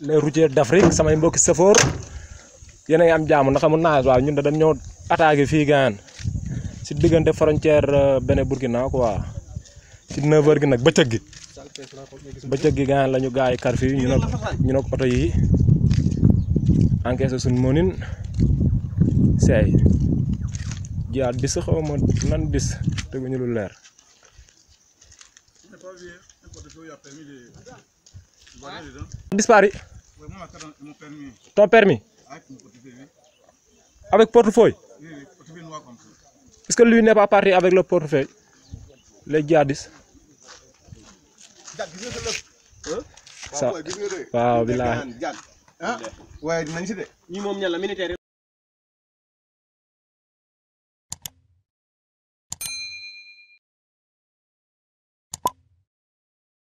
les routiers d'Afrique samay mbokki safoor yéen a ngi am jaamu ndax amoon naa waaw ñun da dañ ñoo attaqué fii gaan si diggante frontière euh, bene Burkina quoi si 9h gi nag bëccëg gi bëccëg gi gaan la ñu gars yi kar fii ñu nag ñu nag oto yi encaissé suñu moonin seey jiyaat bis xaw ma nan bis teguñu lu leer. ton permis avec portefeuille est-ce que lui n'est pas parti avec le portefeuille les djihadistes waaw billaahi